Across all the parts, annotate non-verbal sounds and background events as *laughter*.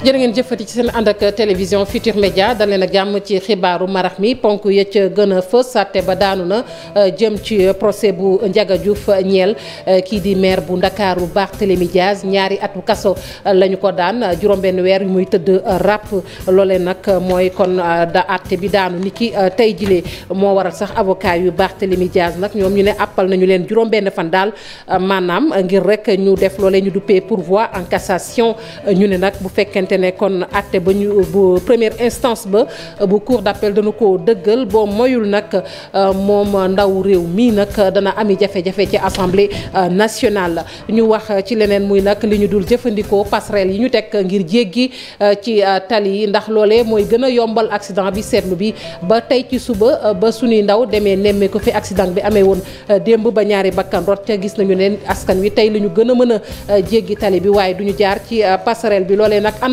jërë ngeen jëfati ci seen ànd ak télévision Futur Média dal leen ak jàmm ci xibaaru marax mi ponk yëcc gën a fës sàtte ba daanu na euh, jëm ci procès bu Ndiaga Diouf euh, ñeel euh, kii di maire bu Ndakaaru Barthélémy Dias ñaari atu kaso la ñu ko daan juróom-benn weer muy tëdd ràpp loole nag mooy kon da àtte bi daanu ni ki tey jilee moo waral sax avocat yu Barthélémy Dias nag ñoom ñu ne appal nañu leen juróom-benn fan daal maanaam ngir rek ñu def loole ñu duppee pourvoi en cassation ñu ne xamante ne kon àtte ba ñu bu première instance ba bu cour d'appel dana ko dëggal boo moyul nag euh, moom ndaw réew mii nag dana ami jafe-jafe ci assemblée euh, nationale ñu wax ci leneen muy nag li ñu dul jëfandikoo passerelle yi ñu teg ngir jéggi euh, ci tali yi ndax loole mooy gën a yombal accident bi seetlu bi ba tey ci suba ba suñuy ndaw demee nemme ko fi accident bi amee woon démb ba ñaari bakkan rot ca gis nañu ne askan wi tey li ñu gën a mën a jéggi tali bi waaye duñu jaar ci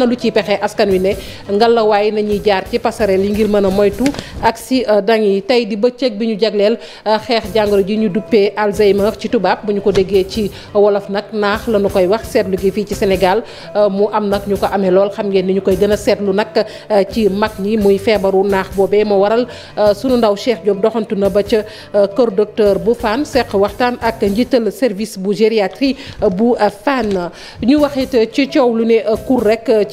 lu ciy pexe askan wi ne ngalawaay nañuy jaar ci passerelle yi ngir mën a moytu accident euh, yi tey di bëccëg bi ñu jagleel euh, xeex jàngoro ji ñu duppee Alzheimer ci tubaab bu ñu ko déggee ci wolof nag naax la ñu koy wax seetlu gi fii ci Sénégal euh, mu am nag ñu ko amee lool xam ngeen ni ñu koy gën a seetlu nag ci mag ñi muy feebaru naax boobee moo waral sunu ndaw Cheikh Diop doxantu na ba ca kër docteur bu Fann seq waxtaan ak njiital service bu gériatrie bu Fann ñu wax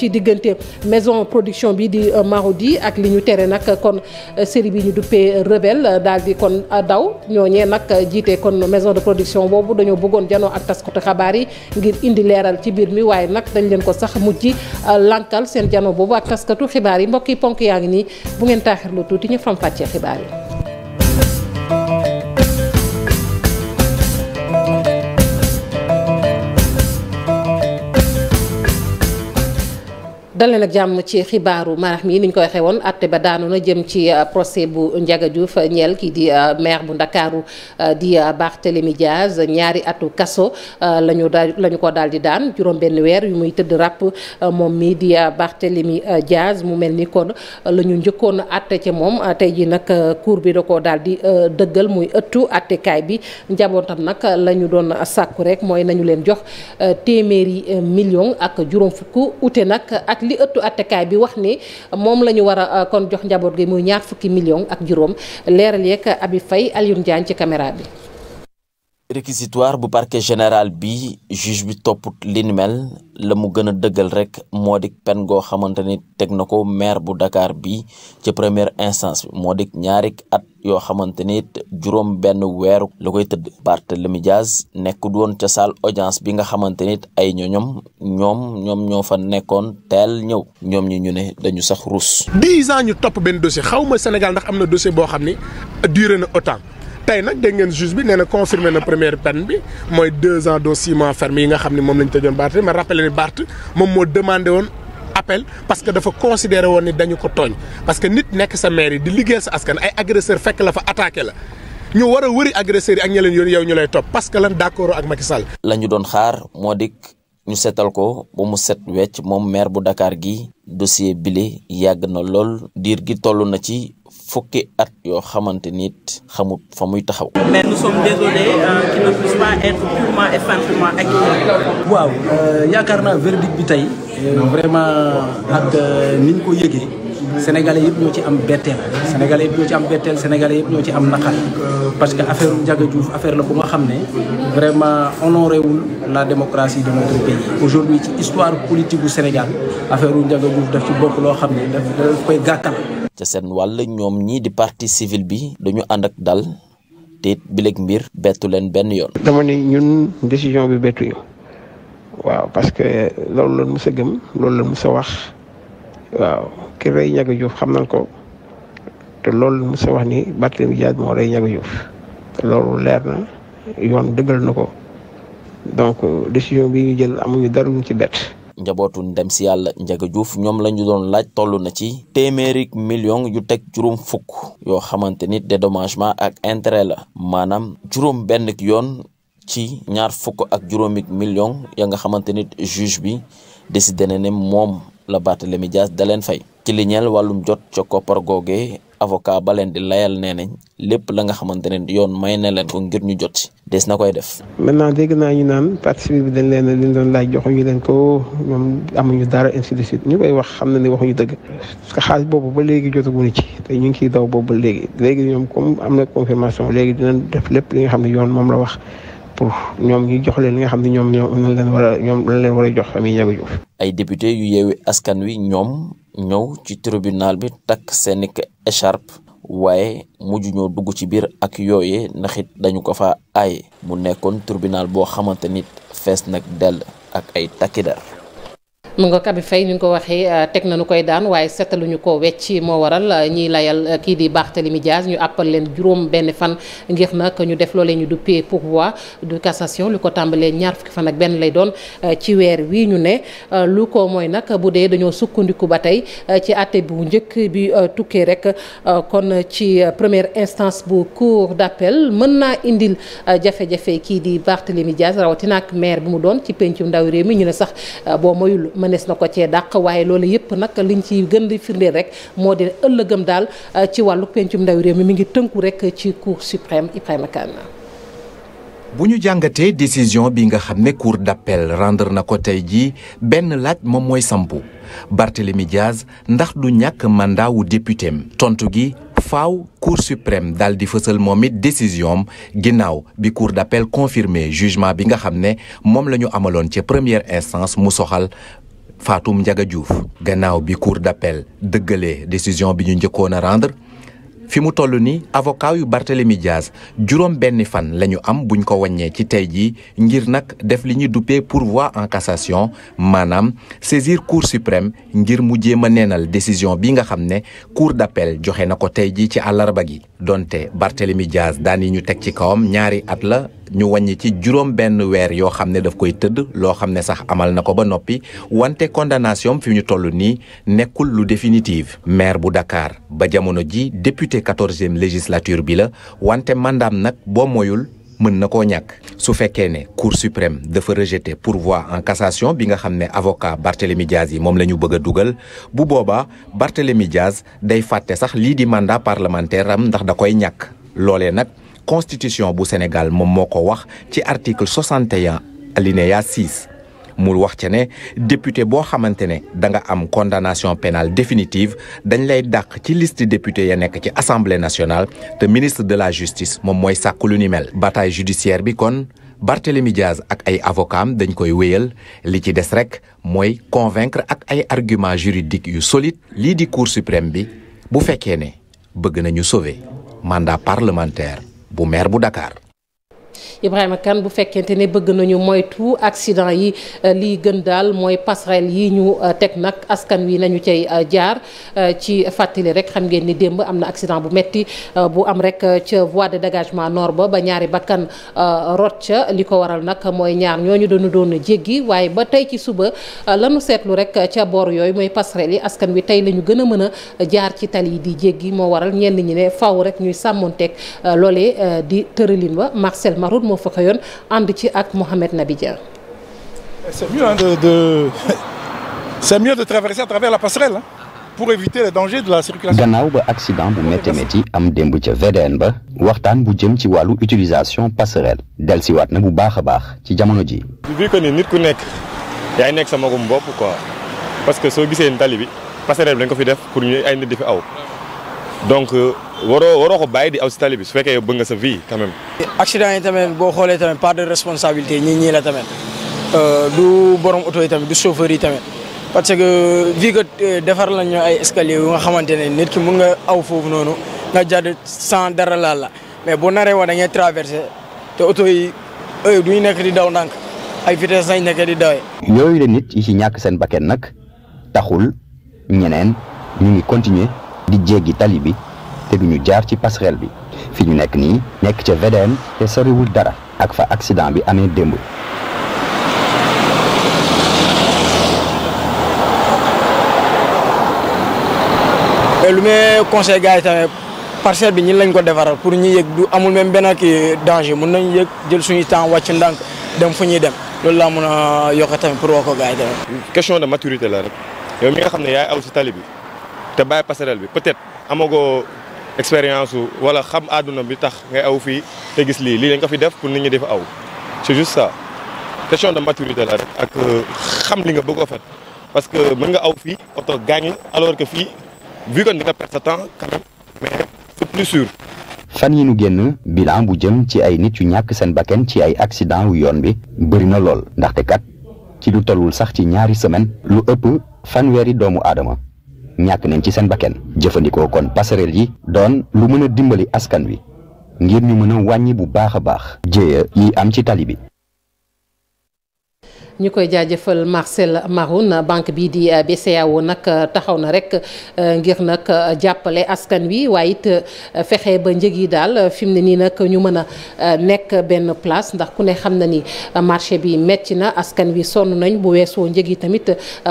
ci diggante maison production bi di euh, Marodi ak li ñu tere nag kon euh, série bi ñu duppee Rebelle euh, daal di kon daw ñooñee nag jiite kon maison de production boobu dañoo bëggoon janoo ak taskatu xabaar yi ngir indi leeral ci biir mi waaye nag dañ leen ko sax mujj lankal seen janoo boobu ak taskatu xibaar yi mbokk yi ponk yaa ngi nii bu ngeen taaxirlu tuuti ñu faram fàccee xibaar yi. dalal ak jàmm ci xibaaru marax mi ni ñu koy waxee woon àtte ba daanu jëm ci euh, procès bu Ndiaga Diouf ñel kii di euh, maire bu Ndakaaru euh, di Barthélémy Diaz ñaari atu kaso la ñu daal ko daal di daan juróom-benn weer yu muy tëdd ràpp moom mii di Barthélémy Diaz mu mel ni ko la ñu njëkkoon àtte ci moom tey ji nag cour bi da ko daal di dëggal muy ëttu àttekaay bi njabootam nag lañu doon sàkku rek mooy nañu leen jox téeméeri million ak juróom fukk ute nag ak li ëttu attekaay bi wax ni moom la ñu war a euh, kon jox njaboot gi muy ñaar fukki millions ak juróom leeral yeeg Abi fay Alioune Diagne ci caméra bi réquisitoire bu parquet général bi juge bi topput li ni mel la mu gën a dëggal rek moo di pen goo xamante ni teg na ko maire bu Dakar bi ci première instance bi moo di ñaari at yoo xamante ni juróom benn weeru la koy tëdd Barthélemy Diaz nekkul woon ca salle audience bi nga xamante ni ay ñoñom ñoom ñoom ñoo fa nekkoon teel ñëw ñoom ñi ñu ne dañu sax ruus ans ñu topp benn dossier xaw ma ndax am na dossier boo xam ne duré na autant tey nag dégg ngeen juge bi nee na confirmé na première peine bi mooy deux ans doo six mois yi nga xam ni moom la ñu tëjoon Barth ma rappelé ni Barth moom moo demandé woon appel parce que dafa considéré woon ni dañu ko tooñ parce que nit nekk sa maire yi di liggéey sa askan ay agresseur fekk la fa attaqué la ñu war a wëri agresseurs yi ak ña leen yoon yow ñu lay topp parce que lan d'accord ak Macky Sall. la ñu doon xaar moo dikk ñu seetal ko ba mu set wecc moom maire bu Dakar gi dossier bile yàgg na lool diir gi toll na ci. fukki at yoo xamante nit xamut fa muy taxaw. mais nous sommes désolés euh, qu'il ne puisse pas être purement et simplement acquitté. waaw euh, yaakaar naa verdict bi tey euh, vraiment ak ni ñu ko sénégalais yëpp ñoo ci am betteel sénégalais yëpp ñoo ci am betteel sénégalais yëpp ci am naqar parce que affaire Ndiaga Diouf affaire la bu nga xam ne vraiment honoré wul la démocratie de notre pays aujourd'hui ci histoire politique Sénégal affaire Ndiaga Diouf daf ci bokk loo xam ne daf daf koy gàttal ca seen wàll ñoom ñii di partie civile bi dañu ànd ak dal te it bileeg mbir bettu leen benn yoon dama ne ñun décision bi bettu ñu waaw parce que loolu la mu sa gëm loolu la mu sa wax waaw ki rey ñaga juuf xam nañ ko te loolu mu sa wax ni Barthélémy Dias moo rey ñaga juuf loolu leer na yoon dëggal na ko donc décision bi ñu jël amuñu dara luñ ci bett. njabootu ndem si yàlla Ndiaga Diouf ñoom la ñu doon laaj toll na ci téeméeri million yu teg juróom fukk yoo xamante ni dédommagement ak intérêt la maanaam juróom benn yoon ci ñaar fukk ak juróomi million ya nga xamante ni juge bi décidé na ne moom la Barthélémy Dias da leen fay. ci li ñeel wàllum jot ca koppar googe avocat ba leen di layal nee nañ lépp la nga xamante ne yoon may na leen ko ngir ñu jot ci des na koy def. maintenant dégg naa ñu naan partie civile bi dañ leen a doon laaj joxuñu leen ko ñoom amuñu dara ainsi de suite ñu wax xam na ne waxuñu dëgg parce boobu ba léegi jotaguñu ci ñu ngi ciy daw boobu ba léegi léegi ñoom kom am na confirmation léegi dinañ def lépp li nga xam ne yoon moom la wax. pour ñoom ñu jox leen li nga xam ne ñoom ñoom leen war a ñoom lañ leen war a jox famille Ndiaga Diouf. ay député yu yeewi askan wi ñoom ñëw ci tribunal bi takk seeni écharpe waaye mujj ñoo dugg ci biir ak yooye ndaxit dañu ko fa aaye mu nekkoon tribunal boo xamante nit fees nag dell ak ay takkidar mu nga kabi fay ni nga ko waxee euh, teg nañu koy daan waaye seetaluñu ko wecc moo waral euh, ñiy layal euh, kii di baax Barthélémy Diaz ñu àppal leen juróom benn fan ngir nag ñu def loolee ñu duppee pourvoi du cassation lu ko tàmbalee ñaar fukki fan ak benn lay doon ci weer wii ñu ne lu ko mooy nag bu dee dañoo sukkandiku ba tey ci àtte bu njëkk bi tukkee rek kon ci première instance bu cour d'appel mën naa indil jafe-jafe kii di Barthélémy Diaz rawatina ak mu doon ci pencum ndaw mi sax mënees na ko cee dàq waaye loolu yëpp nag liñ ci gën di firndeel rek moo di ëllëgam daal euh, ci wàllu pencum ndawi mi mi ngi tënku rek ci cour suprême Ibrahima bu ñu jàngatee décision bi nga xam ne cour d'appel rendre na ko tey jii benn laaj moom mooy sampu Barthélemy Diaz ndax du ñàkk mandat wu tontu gi faw cour suprême daal di fësal moom it décision ginnaaw bi cour d'appel confirmé jugement bi nga xam ne moom la ñu amaloon ca première instance mu soxal faatum Ndiaga Diouf gannaaw bi cour d'appel dëggalee décision bi ñu njëkkoon a rendre fi mu toll ni avocat yu Barthélemy Diaz juróom benni fan la ñu am buñ ko wàññee ci tey jii ngir nag def li ñuy duppee pourvoi en cassation maanaam saisir cour suprême ngir mu jéem a neenal décision bi nga xam ne cour d'appel joxe na ko tey jii ci àllarba gi. donte Barthélemy Diaz daan yi ñu teg ci kawam ñaari at la ñu wàññi ci juróom benn weer yoo xam ne daf koy tëdd loo xam ne sax amal na ko ba noppi wante condamnation fi ñu toll nii nekkul lu définitive maire bu Dakar ba jamono ji député quatorzième législature bi la wante mandaam nag boo moyul mën na koo ñàkk su fekkee ne cour suprême dafa rejeté pourvoi en cassation bi nga xam ne avocat Barthélemy Diaz yi moom la ñu bëgg a dugal bu boobaa Barthélemy Diaz day fàtte sax lii di mandat parlementaire am ndax da koy ñàkk loolee nag constitution bu Sénégal moom moo ko wax ci article 61 alinéa 6 mu wax ca ne député boo xamante ne da nga am condamnation pénale définitive dañ lay dàq ci liste député ya nekk ci assemblée nationale te ministre de la justice moom mooy sàkk lu ni mel bataille judiciaire bi kon Barthélemy Diaz ak ay avocaam dañ koy wéyal li ci des rek mooy convaincre ak ay arguments juridiques yu solide lii di cour suprême bi bu fekkee ne bëgg nañu sauver mandat parlementaire bu maire bu dakaar Ibrahima kan bu fekkente ne bëgg nañu mooy moytu accident yi euh, lii gën daal mooy passerelle yi ñu euh, teg nag askan wi nañu cay euh, jaar ci fàttali rek xam ngeen ni démb am na accident bu metti bu am rek ca voie de dégagement nord ba ba ñaari bakkan rot ca li ko waral nag mooy ñaar ñooñu doonu doon jéggi waaye ba tey ci suba lanu seetlu rek ca boor yooyu mooy passerelle yi askan wi tey la ñu gën a mën a jaar ci tali yi di jéggi moo waral ñenn ñi ne faw rek ñuy sàmmonteeg loolee di tëralin route moo fa ak Mohamed Nabi Dia. c'est mieux hein, de de *laughs* c'est mieux de traverser la pour éviter les la circulation. gannaaw ba accident bu métti métti am démb ca VDN ba waxtaan bu jëm ci wàllu utilisation passerelle dellusiwaat na bu baax a baax ci jamono ji. vu que ni nit ku nekk yaay nekk sa magum bopp quoi parce que soo gisee tali bi passerelle bi dañ ko fi def pour ñu ay nit di fi aw euh, waroo waroo ko bàyyi di aw si tali bi su fekkee yow bëgg nga sa vie quand même. yi tamit boo xoolee tamit part de responsabilité ñi ñii la tamit euh, du borom oto yi tamit du chauffeur yi tamit parce que vie que euh, defar lañu ay escalier yu nga xamante ne nit ki mun nga aw foofu noonu nga jàdd sans dara laal la mais boo naree woon da ngay traversé te oto yi heure du ñu nekk di daw ndànk ay vitesse lañ nekk di dawee. yooyu la nit yi ci ñàkk seen bakkan nag taxul ñeneen ñu ngi continuer di jéggi bi. te duñu jaar ci passerelle bi fi ñu nekk nii nekk ca VDN te soriwul dara ak fa accident bi amee démb. Eh, lu may conseil gars yi tamit parcelle bi ñi lañ ko defaral pour ñu yëg du amul même benn kii danger mun nañ yëg jël suñu temps wàcc ndànk dem fu ñuy dem loolu laa mun a yokk tamit pour wax ko gars yi tamit. question de maturité la rek yow mi nga xam ne yaay aw si tali te bàyyi passerelle bi peut-être expérience su wala xam àdduna bi tax ngay aw fii te gis lii lii lañ fi def pour nit ñi di fa aw c'est juste ça question de maturité la ak euh, xam li nga bëgg a fet parce que mën nga aw fii oto gaañ la alors que fii vu que di nga perte sa temps quand même mais plus sûr. fan yi nu génn bilan bu jëm ci ay nit yu ñàkk seen bakken ci ay accident yoon bi bëri na lool ndaxte kat ci lu tollul sax ci ñaari semaine lu ëpp fanweeri doomu aadama ñàkk nañ ci seen bakken jëfandikoo kon passerelle yi doon lu mën a dimbali askan wi ngir ñu mën a wàññi bu baax a baax jéeya yi am ci tali bi ñu koy jaajëfal Marcel Maroun banque bii di eh, BCEAO nag eh, taxaw na rek eh, ngir nag jàppale askan wi waaye it fexe ba njëg yi daal fi mu ne nii nag ñu mën a nekk benn place ndax ku ne xam na ni marché bi metti na askan wi sonn nañ bu weesoo njëg yi tamit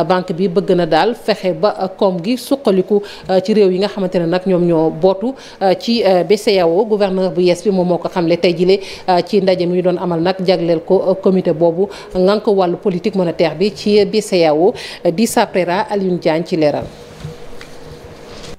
banque bi bëgg na daal fexe ba koom gi suqaliku ci réew yi nga xamante ne nag ñoom ñoo bootu ci BCEAO gouverneur bu yees bi moom moo ko xamle tey jile ci ndaje mi doon amal nag jagleel ko comité boobu ngank wàll wàllu politique monétaire bi ci BCEAO di saprera Alioune Diagne ci leeral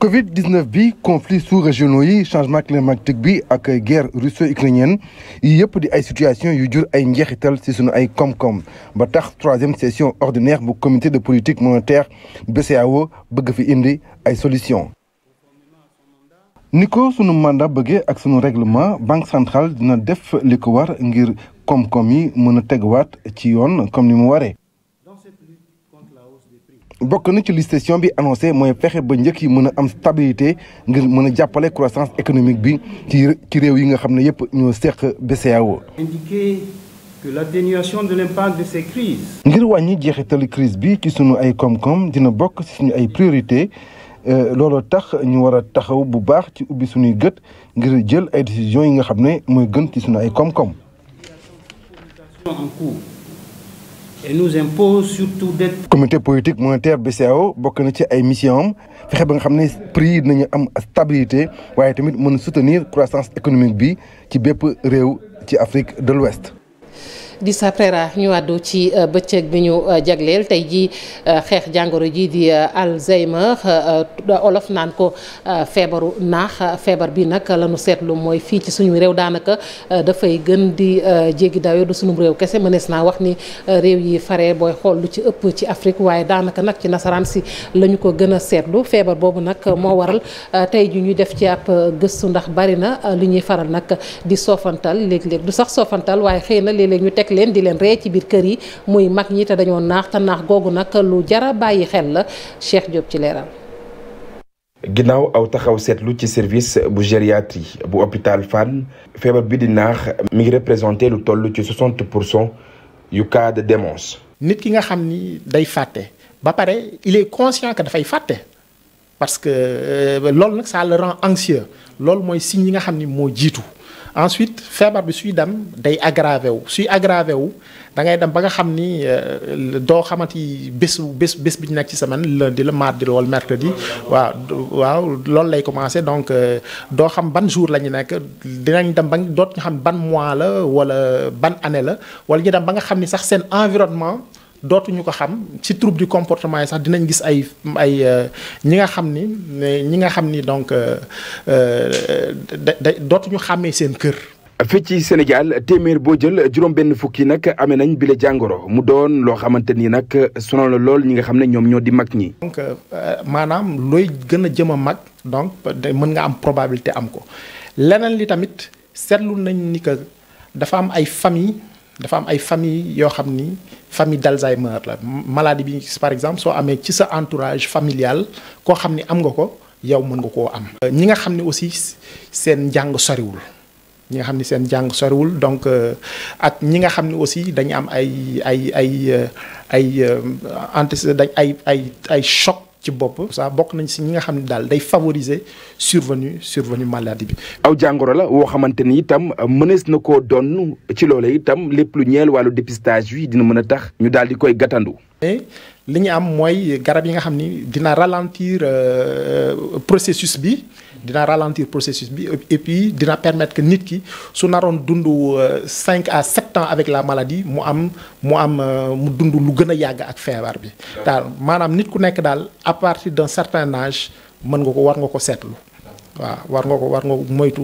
Covid-19 bi conflit sous-régionaux yi changement climatique bi ak guerre russo yëpp di ay situation yu jur ay njeexital ci sunu ay koom-koom ba tax troisième session ordinaire bu comité de politique monétaire BCEAO bëgg fi indi ay solution ni ko sunu mandat bëggee ak sunu règlement banque centrale dina def li ko war ngir koom-koom yi mën a teguwaat ci yoon comme ni mu waree. bokk na ci li session bi annoncé mooy fexe ba njëkk yi mën a am stabilité ngir mën a jàppale croissance économique bi ci ci réew yi nga xam ne yëpp ñu seq BCEAO. indiqué que l'atténuation de ngir wàññi jeexitali crise bi ci suñu ay koom-koom dina bokk ci suñu ay priorité euh, looloo tax ñu war a taxaw bu baax ci ubbi suñuy gët ngir jël ay décisions yi nga xam ne mooy gën ci sunu ay koom-koom. en cours et nous impose surtout politique monétaire BCEAO bokk na ci ay mission am fexe ba nga xam ne prix nañu am stabilité waaye tamit mën soutenir croissance économique bi ci bépp réew ci Afrique de l'Ouest di sa prera ñu àddu ci euh, bëccëg bi ñu euh, jagleel tey jii euh, xeex jàngoro ji di Alzheimer olof naan ko feebaru naax feebar bi nag la ñu seetlu mooy fii ci suñu réew daanaka dafay gën di jéggi dayo du suñu réew kese mënees naa wax ni réew yi fare booy xool lu ci ëpp ci Afrique waaye daanaka nag ci nasaraan si lañu ko gën a seetlu feebar boobu nag moo waral tey ji ñuy def ci ab gëstu ndax bari na li ñuy faral nag di soofantal léeg-léeg du sax soofantal leen di leen ree ci biir kër yi muy mag ñi te dañoo naax te naax googu nag lu jara bàyyi xel la Cheikh Diop ci leeral. ginnaaw aw taxaw seetlu ci service bu gériatrie bu hôpital Fann feebar bi di naax mi ngi représenté lu toll ci pour cent yu cas de démence. nit ki nga xam ni day fàtte ba pare il est conscient que dafay fàtte parce que euh, loolu nag ça le rend anxieux loolu mooy si yi nga xam ni moo jiitu. ensuite feebar bi suy dem day aggravé wu suy aggravé wu da ngay dem ba nga xam ni euh, doo xamante yi bés bés bés bi ñu nekk ci semaine lundi la mardi la wala mercredi waaw waaw loolu lay commencé donc euh, doo xam ban jour la ñu nekk dinañ dem ba doot ñu xam ban mois la wala ban année la wala ñu dem ba nga xam ni sax seen environnement. dootuñu ko xam ci trouble du comportement yi sax dinañ gis ay ay euh, ñi nga xam ni ñi nga xam ni donc euh, euh, da dootuñu xàmmee seen kër. fii ci Sénégal téeméer boo jël juróom-benn fukki nag amee nañ bile jàngoro mu doon loo xamante ni nag sonal la lool ñi nga xam ne ñoom ñoo di mag ñi. donc maanaam looy gën a jëm a mag donc mën nga am probabilité am ko leneen li tamit seetlu nañ ni que dafa am ay famille. dafa am ay famille yoo xam ni famille d'Alzheimer la maladie bi par exemple soo amee ci sa entourage familial koo xam ni am nga ko yow mën nga koo am. Euh, ñi nga xam ni aussi seen njàng soriwul ñi nga xam ni seen njàng soriwul donc euh, ak ñi nga xam ni aussi dañu am ay ay ay euh, ay anti dañ ay ay ay choc. ci bopp saa bokk nañ si ñi nga xam ne daal day favoriser survenu survenu maladie bi. aw jàngoro la woo xamante ni itam mënees na ko donn ci loolee itam lépp lu ñeel wàllu dépistage yi dina mën a tax ñu daal di koy gàttandu. mais li ñu am mooy garab yi nga xam ni dina ralentir euh, processus bi. dina ralentir processus bi et puis dina permettre que nit ki su naroon dund euh, cinq à sept ans avec la maladie mu am mu am euh, mu dund lu gën a yàgg ak feebar bi daal maanaam nit ku nekk daal à partir d'un certain âge mën nga ko war nga ko seetlu waaw war nga ko war nga moytu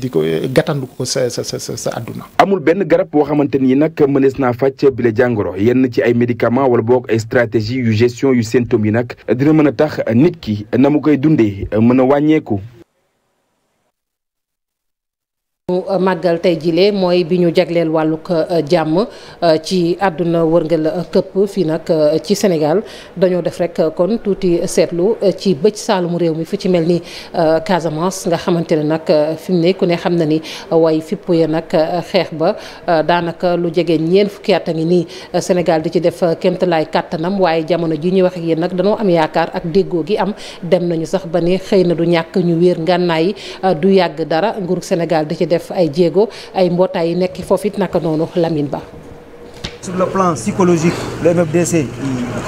di ko gàttandu ko sa sa sa sa àdduna. amul benn garab boo xamante ni nag mënees naa faj bile jàngoro yenn ci ay médicament wala boog ay stratégie yu gestion yu symptômes yi nag dina mën a tax nit ki na mu koy dundee mën a wàññeeku. Uh, màggal tey jile mooy bi ñu jagleel wàllug uh, jàmm uh, ci àdduna wërngal këpp fii nag ci Sénégal dañoo def rek kon tuuti seetlu ci bëj saalumu réew mi fu ci mel ni Casamance nga xamante ne nag fi mu ne ku ne xam na ni way fippu ya nag xeex ba daanaka lu jegeen ñeent fukki at a ngi nii Sénégal di ci def kéemtalaay kàttanam waaye jamono ji ñuy wax ak yéen nag dañoo am yaakaar ak déggoo gi am dem nañu sax ba ni xëy na du ñàkk ñu wéer ngànnaay du yàgg dara nguurug Sénégal def ay jéego ay mbootaay yi nekk foofu it naka noonu Lamine Ba. sur le plan psychologique le MFDC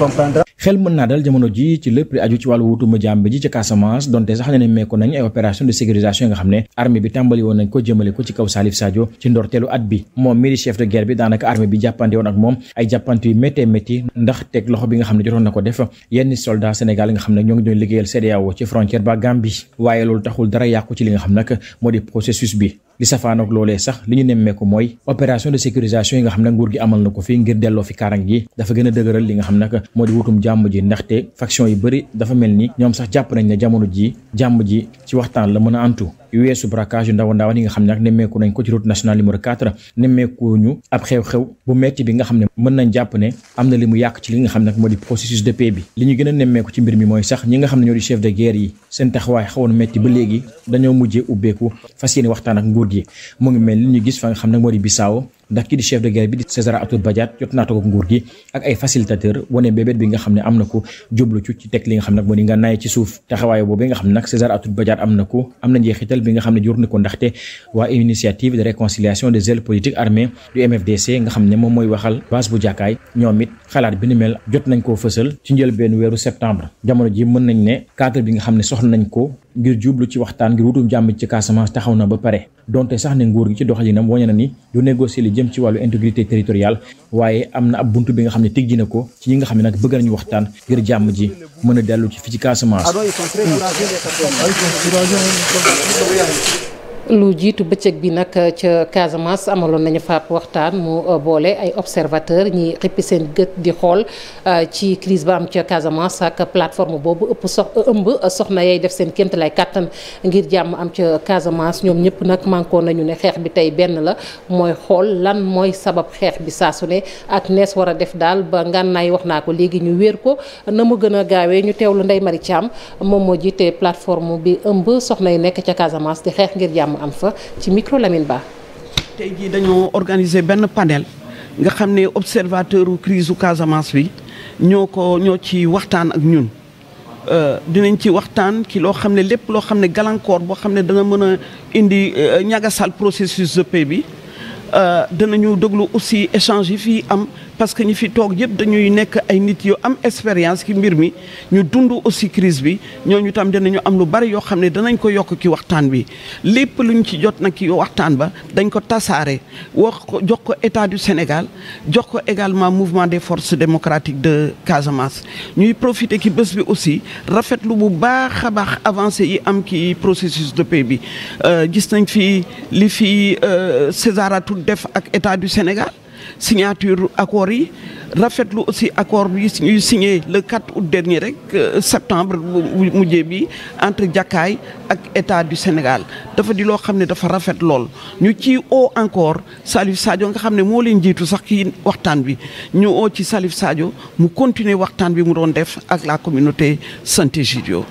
comprendra. xel mën naa dal jamono ji ci lépp li aju ci wàllu wutuma jàmb ji ci Casamance donte sax ne ne meeku nañ ay opération de sécurisation yi nga xam ne armée bi tàmbali woon nañ ko jëmale ko ci kaw Salif Sadio ci ndorteelu at bi moom mii di chef de guerre bi daanaka armée bi jàppante woon ak moom ay jàppante yu méttee métti ndax teg loxo bi nga xam ne jotoon na ko def yenn soldat Sénégal nga xam ne ñoo ngi doon liggéeyal CEDEAO ci frontière ba Gambie waaye loolu taxul dara yàqu li nga xam nag moo di bi li safaanoog loolee sax li ñu nemmeeku mooy opération de sécurisation yi nga xam ne nguur gi amal na ko fi ngir delloo fi kaarang gi dafa gën a dëgëral li nga xam nag moo di wutum jàmm ji ndaxte faction yi bëri dafa mel ni ñoom sax jàpp nañ ne jamono ji jàmm ji ci waxtaan la mën a antu yu weesu braquage yu ndaw ndaw yi nga xam ne nag nemmeeku nañ ko ci route nationale numéro 4 nemmeeku ñu ab xew-xew bu metti bi nga xam ne mën nañ jàpp ne am na li mu yàq ci li nga xam ne nag moo di processus de paix bi li ñu gën a nemmeeku ci mbir mi mooy sax ñi nga xam ne ñoo di chef de guerre yi seen taxawaay xawoon metti ba léegi dañoo mujjee ubbeeku fas yéene waxtaan ak nguur gi mu ngi mel li ñu gis fa nga xam ne moo di Bissau ndax kii di chef de guerre bi di César Atoute Badiate jot naa toog ak nguur gi ak ay facilitateur wane mbébét bi nga xam ne am na ko jublu ci teg li nga xam ne nag moo di ci suuf taxawaay boobu nga xam ne nag César na ko am na bi nga xam ne jur na ko ndaxte waa initiative de réconciliation des ailes politiques armées du MFDC xam ne moom mooy waxal base bu jàkkaay ñoom it xalaat bi ni mel jot nañ ko fësal ci njël njëlbéenu weeru septembre jamono ji mën nañ ne cadre bi nga xam ne soxla nañ ko ngir jublu ci waxtaan ngir wutum jàmm ci Casamance taxaw na ba pare donte sax ne nguur gi ci doxalinam wañe na ni du négocier li jëm ci wàllu intégrité territoriale waaye am na ab buntu bi nga xam ne tijji na ko ci ñi nga xam ne nag bëgg nañu waxtaan ngir jàmm ji mën a dellu fi ci Casamance ah lu jiitu bëccëg bi nag uh, ca Casamance amaloon nañu faat waxtaan mu uh, boole ay observateur ñi xippi seen gët di xool uh, ci crise ba am ca Casamance ak plateforme boobu ëpp sox ëmb soxna yay def seen kémt lay kàttan ngir jàmm am ca Casamance ñoom ñëpp nag mànkoo nañu ne xeex bi tey benn la mooy xool lan mooy sabab xeex bi saa ne ak nees war a def daal ba ngànnaay wax naa ko léegi ñu wéer ko na mu gën a gaawee ñu teewlu Ndeye Marie Thiam moom moo jiite plateforme bi ëmb soxna yi nekk ca Casamance di xeex ngir jàmm mu am fa ci micro Lamine Ba. tey jii dañoo organiser benn panel nga xam ne observateur u crise u Casamance bi ñoo ko ñoo ci waxtaan ak ñun. Euh, dinañ ci waxtaan ki loo xam ne lépp loo xam ne gàllankoor boo xam ne dana mën a indi euh, ñagasal processus de paix bi euh, danañu déglu aussi échange yi fii am. parce que ñi fi toog yëpp dañuy nekk ay nit yu am expérience ci mbir mi ñu dund aussi crise bi ñooñu tam dinañu am lu bari yoo xam ne danañ ko yokk ki waxtaan bi lépp luñ ci jot na ci waxtaan ba dañ ko tasaare wax ko jox ko état du Sénégal jox ko également mouvement des forces démocratiques de Casamance. ñuy profité ci bés bi aussi lu bu baax a baax avancé yi am ci processus de paix bi euh, gis nañ fi li fi euh, César Atoute def ak état du Sénégal. signature accord yi rafetlu aussi accord bi ñuy signé le 4 août dernier rek euh, septembre mujjee bi entre jàkkaay ak état du Sénégal dafa di loo xam ne dafa rafet lool ñu ci oo encore Salif Sadio nga xam ne moo leen jiitu sax kii waxtaan bi ñu oo ci Salif Sadio mu continuer waxtaan bi mu doon def ak la communauté sante Gidio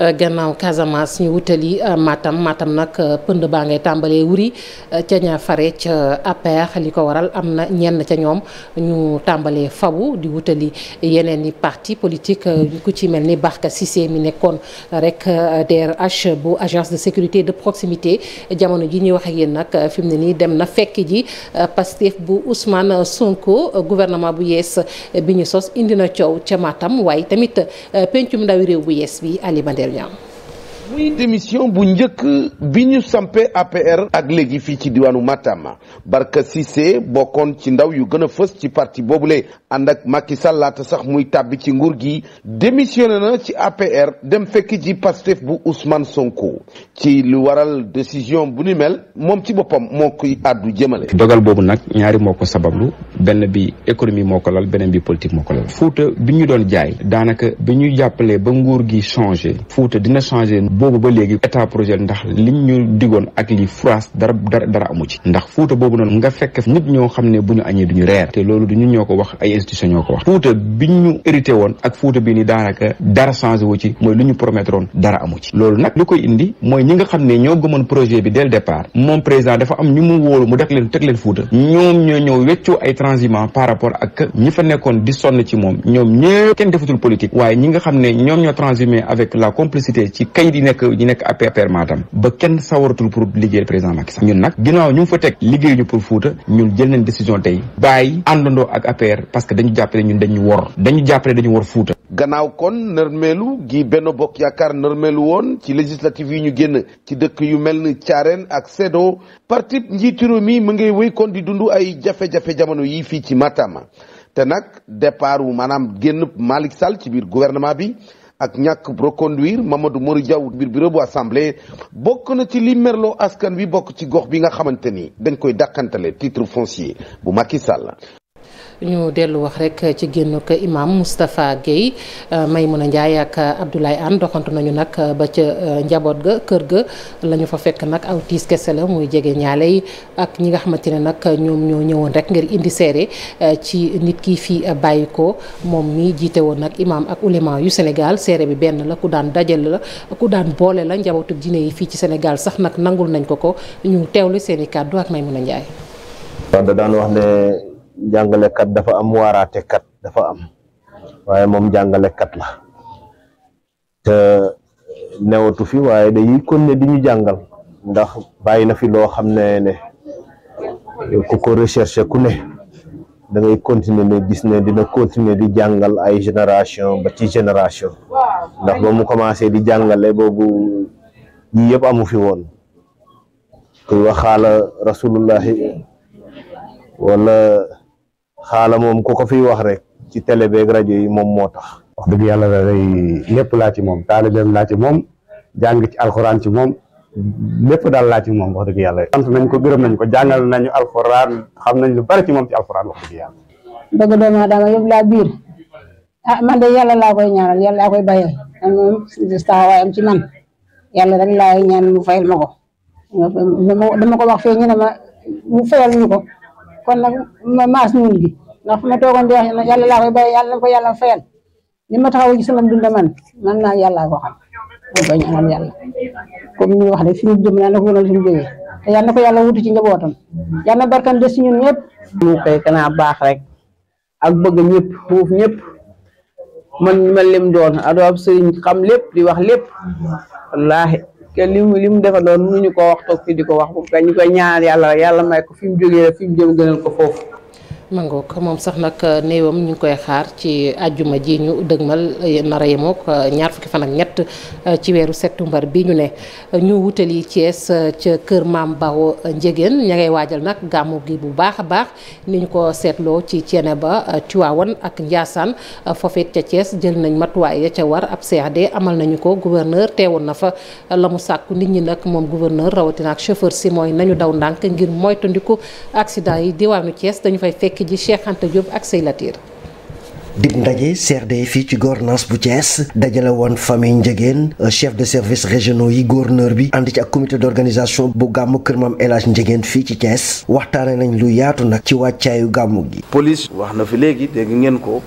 Euh, gannaaw Casamance ñu wutali euh, Matam Matam nag euh, pënd baa ngay tàmbalee wuri ca ña fare ca APR li ko waral am na ñenn ca ñoom ñu tàmbalee fabu di wutali yeneen i parti politique ku ci mel ni Barka Cissé mi nekkoon rek DRH bu agence de sécurité de proximité jamono ji ñuy wax ak nag fi mu ne nii dem na fekk ji Pastef bu Ousmane Sonko gouvernement bu yees bi ñu sos indi na coow ca Matam waaye tamit pencum ndawi réew bu yees bi Ali aérien muy démission bu njëkk bi ñu sampee APR ak léegi fii ci diwaanu Matam Barka Cissé bokkoon ci ndaw yu gën a fës ci parti boobule ànd ak Macky Sall laata sax muy tàbbi ci nguur gi démissionné na ci APR dem fekk ci Pastef bu Ousmane Sonko ci lu waral décision bu ni mel moom ci boppam moo koy àddu jëmale. dogal boobu nag ñaari moo ko sabablu benn bi économie moo ko lal beneen bi politique moo ko lal Fuuta bi ñu doon jaay daanaka bi ñu jàppalee ba nguur gi changé Fuuta dina changé boobu ba léegi état projet ndax liñ ñu digoon ak li France dara dara dara amu ci ndax Fuuta boobu noonu nga fekk nit ñoo xam ne bu ñu añee du ñu loolu du ñu ko wax ay ñoo ko wax Fuuta bi ñu hérité woon ak Fuuta bii ni daanaka dara changé wu ci mooy lu ñu promettre woon dara amu ci loolu nag lu koy indi mooy ñi nga xam ne ñoo gëmoon projet bi dès le départ moom président dafa am ñu mu wóolu mu deg leen teg leen Fuuta ñoom ñoo ñëw weccoo ay transhumant par rapport ak ñi fa nekkoon di sonn ci moom ñoom ñëpp kenn defatul politique waaye ñi nga xam ne ñoom ñoo transhumé avec la complicité ci kay di nekk ñi nekk APR Matam ba kenn sawaratul pour liggéeyal président Macky Sall nag ginnaaw ñu ngi fa teg liggéeyuñu pour Fouta ñun jël nañ décision tey bàyyi àndandoo ak APR parce que dañu jàppale ñun dañu wor dañu jàppale dañu wor Fouta gannaaw kon nërmeelu gi benn Bokk Yaakaar nërmeelu woon ci législative yi ñu génn ci dëkk yu mel ni Thiarène ak Séddo parti njiitu réew mi mu ngay wéy kon di dundu ay jafe-jafe jamono yii fii ci Matam te nag départ wu maanaam génn Malick Sall ci biir gouvernement bi ak ñàkk reconduire Mamadou Mori Diaw biir bureau bu assemblée bokk na ci li merloo askan wi bokk ci gox bi nga xamante ni dañ koy dàkkantale titre foncier bu Macky Sall ñu dellu wax rek ci génnuk imam Moustapha Guèye euh, Maymuna Ndiaye ak Abdoulaye Anne doxantu nañu nag euh, ba ca euh, njaboot ga kër ga lañu fa fekk nag aw tiis kese la muy jege ñaale yi ak ñi nga xamante ne nag ñoom ñoo ñëwoon rek ngir indi seere ci nit ki fii bàyyi ko moom mi jiite woon nag imam ak ulema yu Sénégal seere bi benn la ku daan dajal la ku daan boole la njabootu diine yi fii ci Sénégal sax nag nangul nañ ko ko ñu teewlu seen i kàddu ak Maymuna Ndiaye. da daan jàngalekat dafa am waaraatekat dafa am waaye moom jàngalekat la te newatu fi waaye dañuy kon ne di jàngal ndax bàyyi na fi loo xam ne ne ku ko recherche ku ne da ngay continuer gis ne dina continuer di jàngal ay génération ba ci génération ndax ba mu commencé di jàngale boobu yi yëpp amu fi woon kuy waxaala rasulullahi wala xaala moom ku ko fiy wax rek ci télé beeg rajo moom moo tax. wax dëgg yàlla day lépp laa ci moom taalibeem laa ci moom jàng ci alxuraan ci moom lépp daal laa ci moom wax dëgg yàlla. sant nañ ko gërëm nañ ko jàngal nañu alxuraan xam nañ lu bari ci moom ci alxuraan wax dëgg yàlla. bëgg doomu aadama yëpp laa biir ah man de yàlla laa koy ñaanal yàlla laa koy bayal man moom taxawaayam ci man yàlla rek laay ñaan mu fayal ma dama ko wax fii ñu ma mu fayal ñu ko. kon nag ma maas ñun gi ndax fu ma toogoon di wax yàlla laa koy bàyyi yàlla na ko yàlla fayal li ma taxaw ci sama dund man man naa yàllaa ko xam moom la ñu amal yàlla comme ñu wax de fi ñu na ko wëral fi ñu na ko yàlla wutu ci njabootam yàlla na barkan des ci ñun ñëpp. mu koy kanaa baax rek ak bëgg ñëpp fuuf ñëpp man ma lim doon adoo ab sëriñ xam lépp di wax lépp wallaahi. que li mu li mu defar loolu mënuñu koo wax toog fii di ko wax bu ñu ko ñaanal yàlla yàlla may ko fi mu jógee fi mu jëm gënal ko foofu mango moom sax nag euh, néewam ñu ngi koy xaar ci àjjuma ji ñu dëgmal euh, nara yemook euh, ñaar fukki fan ak ñett ci weeru septembre bi ñu ne ñu wutali Thiès ca kër maam Bawo Ndiégène ña ngay waajal nag gàmmu gi bu baax a baax ni ñu ko seetloo ci ceene Thiénaba Tivaouane ak Ndiassane foofee ca Thiès jël nañ matuwaay ya ca war ab CRD amal nañu ko gouverneur teewoon na fa la mu sàkku nit ñi nag moom gouverneur rawatina ak chauffeur si mooy nañu daw ndànk ngir moytandiku accident yi diwaanu dañu fay fekk fekk ji Cheikh Anta Diop ak Sey Latir. dib ndaje de fii ci gouvernance bu Thiès dajale woon famille Ndiégène euh, chef de service régionaux yi gouverneur bi ànd ci ak comité d'organisation bu gàmmu Kër Maam El Hadj fii ci Thiès waxtaane nañu lu yaatu nag ci wàccaayu gàmmu gi. police wax na fi léegi dégg ngeen ko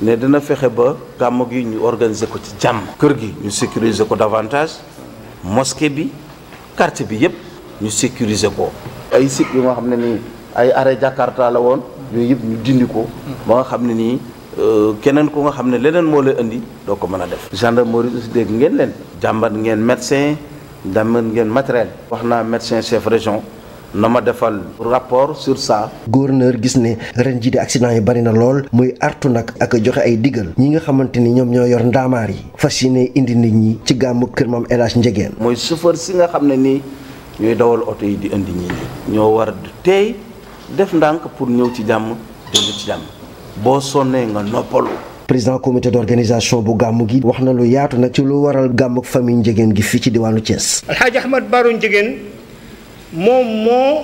ne dina fexe ba gàmmu gi ñu organiser ko ci jàmm. kër gi ñu sécuriser ko davantage mosquée bi quartier bi yépp ñu sécuriser ko. ay sites yu xam ne nii. ay arrêt Jakarta la woon yooyu yëpp ñu dindi ko ba nga xam ne nii euh, keneen ku nga xam ne leneen moo lay indi doo ko mën a def gendarmerie aussi dégg ngeen leen jàmbat ngeen médecin jàmbat ngeen matériel wax naa médecin chef région na ma defal rapport sur ça. gouverneur gis ne ren jii di yi bari na lool muy artu nag ak joxe ay digal ñi nga xamante ni ñoom ñoo yor ndaamaar yi fas ne indi nit ñi ci gàmmu kër maam El Hadj mooy chauffeur si nga xam ne nii ñooy dawal oto indi ñii def ndànk pour ñëw ci jàmm dellu ci jàmm boo sonnee nga noppalu. président comité d'organisation bu gàmm gi wax na lu yaatu nag ci lu waral gàmmuk famille Ndiéguène gi fii ci diwaanu cees Alxaaji Ahmad Baro Ndiéguène moom moo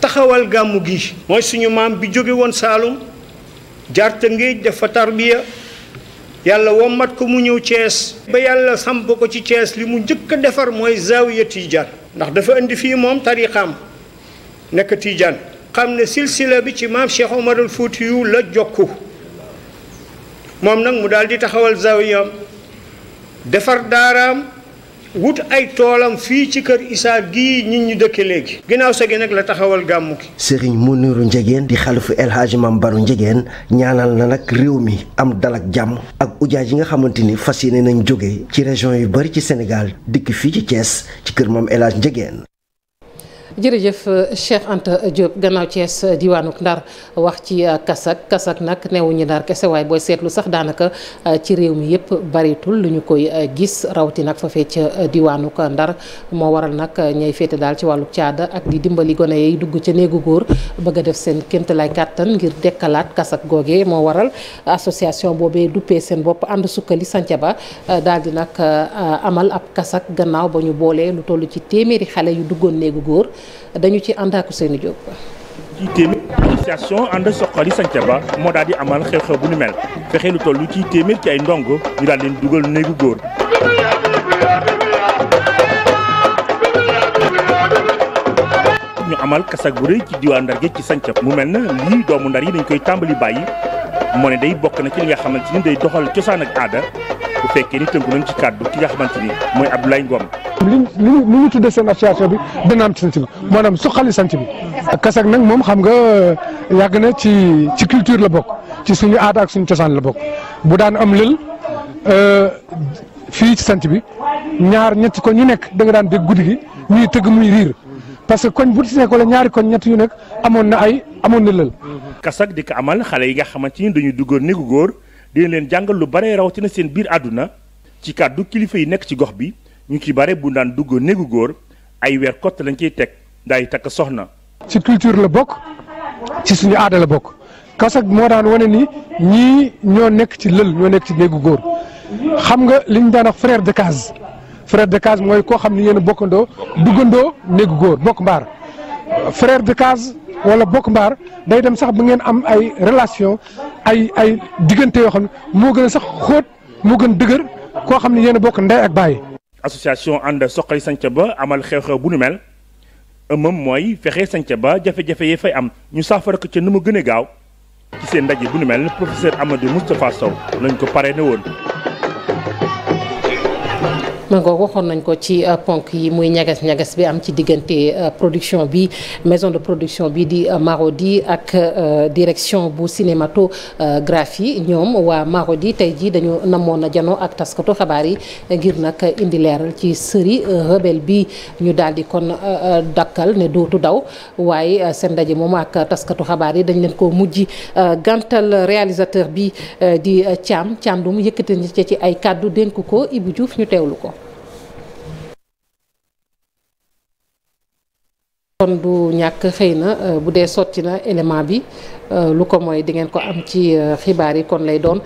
taxawal gàmm gi. mooy suñu maam bi jóge woon Saalum jaar Tëngéej dafa tarbiya yàlla wommat ko mu ñëw Thiès. ba yàlla samp ko ci Thiès li mu njëkk a defar mooy zaawiya Tijaan ndax dafa indi fii moom tariqaam nekk Tidiane xam ne silsila bi ci maam Cheikh Omarul Fuutiyu la jokku moom nag mu daal di taxawal zawiyam defar daaram wut ay toolam fii ci kër Issa gi nit ñu dëkke léegi. ginnaaw sa gi nag la taxawal gàmmu gi. mu Mounirou Ndiéguène di xalifu El Hadj Mame Barou ñaanal na nag réew mi am dal ak jàmm ak ujaaj yi nga xamante ni fas yéene nañ jóge ci région yu bari ci Sénégal dikk fii ci Thiès ci kër moom El Hadj Ndiéguène jërëjëf Cheikh Anta Diop gannaaw cees diwaanuk Ndar wax ci uh, kasak kasak nag newuñu Ndar kese waaye booy seetlu sax daanaka uh, ci réew mi yëpp baritul lu ñu koy uh, gis rawati nag fa fee ca diwaanuk Ndar moo waral nag ñay féete daal ci wàllu caada ak di dimbali gone yi dugg ca néegu góor bëgg a def seen kéemtalaay kàttan ngir dekkalaat kasak googe moo waral association boobee duppee seen bopp ànd sukkali Santhiaba daal di nag amal ab kasak gannaaw ba ñu boolee lu toll ci téeméeri xale yu duggoon néegu góor dañu ci ànd ak seeni jóg. téeméer association ànd soxali Santhiaba moo daal di amal xew bu nu mel fexe lu toll ci téeméer ci ay ndongo ñu daal leen dugal néegu góor. ñu amal kasak bu rëy ci diwaan Ndar gi ci Santhiaba mu mel na lii doomu Ndar yi dañ koy tàmbali bàyyi moo ne day bokk na ci li nga ci ni day doxal cosaan ak aada bu fekkee ni tënku nañ ci kàddu ki nga xamante ni mooy ab Abdoulaye Ngom. liñ li li ñu tuddee seen association bi dina am ci sant bi maanaam suqali sant bi Kasak nag moom xam nga yàgg na ci ci culture la bokk ci suñu aada ak suñu cosaan la bokk bu daan am lël euh, fii ci sant bi ñaar ñetti koñ yu nekk da nga daan dégg guddi gi ñuy tëgg muy riir parce que koñ bu ci nekk wala ñaari koñ ñett yu nekk amoon na ay amoon na lël. Kasak di ko amal xale yi nga ci ni dañuy duggoon néegu góor dina leen jàngal lu bare rawatina seen biir àdduna ci kàddu kilifa yi nekk ci gox bi. ñu ci bare bu daan dugg néegu góor ay weer kott lañ ciy teg daay takk soxna. ci culture la bokk ci suñu aada la bokk kasak moo daan wane ni ñii ñoo nekk ci lël ñoo nekk ci néegu góor xam nga liñ daan wax frère de case frère de case mooy koo xam ni yéen a bokkandoo duggandoo néegu góor bokk mbaar frère de wala bokk mbaar day dem sax ba ngeen am ay relation ay ay diggante yoo xam ne moo gën a sax xóot moo gën dëgër koo xam ne yéen bokk ndey ak bàyyi. association ànd soqali sanca ba amal xew-xew bu nu mel ëmmam mooy fexe sanca ba jafe-jafe yi fay am ñu saafara ko ca nu mu gën a gaaw ci seen ndaje bu nu mel professeur Amadou Moustapha Sow lañ ko pare ne woon mangoog waxoon nañ ko ci euh, ponk yi muy ñagas ñagas bi am ci diggante euh, production bi maison de production bi di euh, Marodi ak direction bu cinématographie ñoom waa Marodi tey jii dañu namoon a janoo ak taskatu xabaar yi ngir nag indi leeral ci série Rebelle bi ñu daal di kon dakkal ne dootu daw waaye seen ndaje moom ak taskatu xabaar yi dañ leen ko mujj gàntal réalisateur bi di Thiam Thiandoum yëkkati ci ay kàddu dénk ko Ibou Diouf ñu teewlu ko kon du ñàkk xëy na euh, bu dee sotti na élément bi euh, lu ko mooy di ngeen ko am ci euh, xibaar yi kon lay doon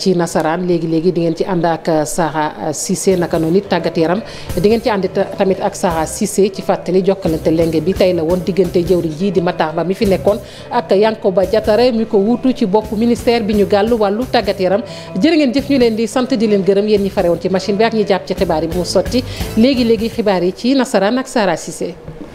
ci nasaraan léegi léegi di ngeen ci ànd ak Sara Cissé naka noonu it tàggat yaram di ngeen ci ànd tamit ak Sara Cissé ci fàttali jokkalante lenge bi tey la woon diggante jëwriñ ji di Matar Ba mi fi nekkoon ak ba Diatara mi ko wuutu ci bokk ministère bi ñu gàll wàllu tàggat yaram jërë ngeen jëf ñu leen di sant di leen gërëm yéen ñi fare woon ci machine bi ak ñi jàpp ci xibaar yi bu mu sotti léegi léegi xibaar yi ci nasaraan ak Sara Cissé